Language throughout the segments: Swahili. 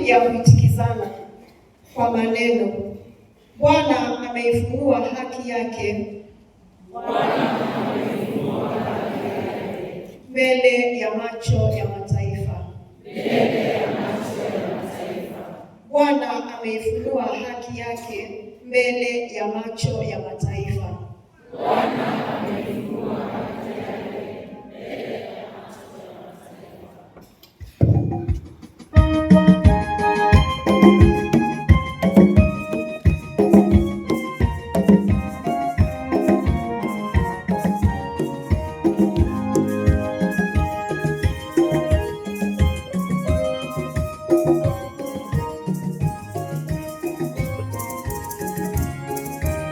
ya kuitikizana kwa maneno. Bwana ameifunua haki yake mbele ya macho ya mataifa. Bwana ameifunua haki yake mbele ya macho ya mataifa. Bwana ameifunua haki yake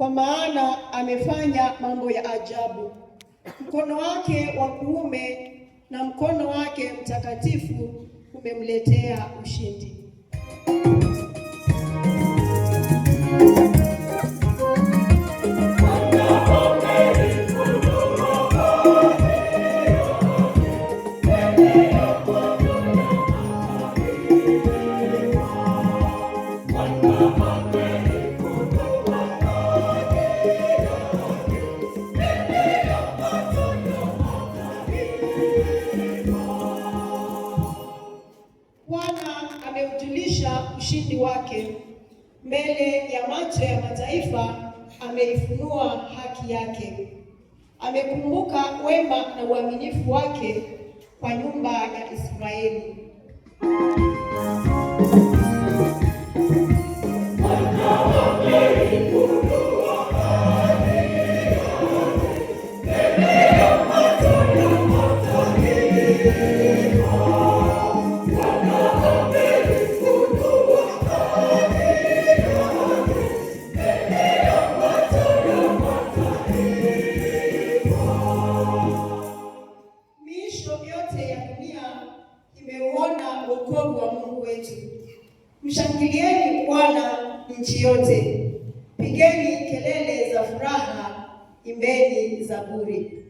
kwa maana amefanya mambo ya ajabu. Mkono wake wa kuume na mkono wake mtakatifu umemletea ushindi. ushindi wake mbele ya macho ya mataifa, ameifunua haki yake. Amekumbuka wema na uaminifu wake kwa nyumba ya Israeli. Mshangilieni Bwana nchi yote, pigeni kelele za furaha, imbeni zaburi.